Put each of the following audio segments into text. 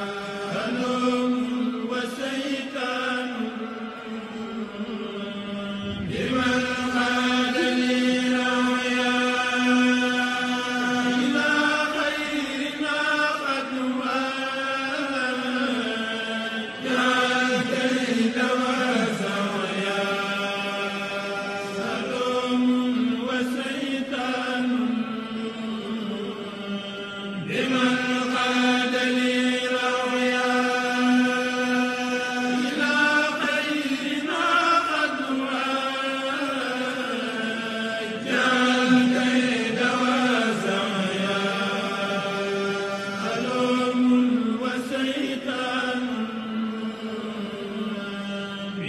Hello.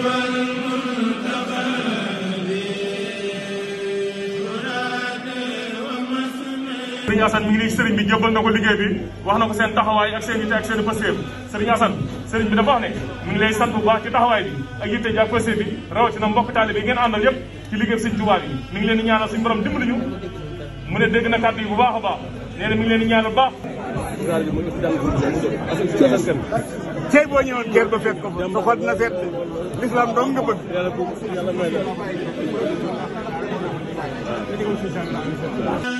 sëriñ Assane mi ngi nii sëriñ bi jébbal na ko liggéey bi wax na ko seen taxawaay ak seen yitte ak seen pëstéef sëriñ Assane sëriñ bi dafa wax ne mu ngi lay sant bu baax ci taxawaay bi ak yitte ji ak pëstéef bi rawatina mbokk taalibe i ngeen àndal yépp ci liggéey sëriñ Tuubaa bi mi ngi leen di ñaanal suñu mu ne dégg na kàddu yi bu baax a baax nee na mi ngi leen di ñaanal bu baax tey boo ñëwoon kër ba fekk ko fa sa xol na seet lislaam dong nga bëgg. yàlla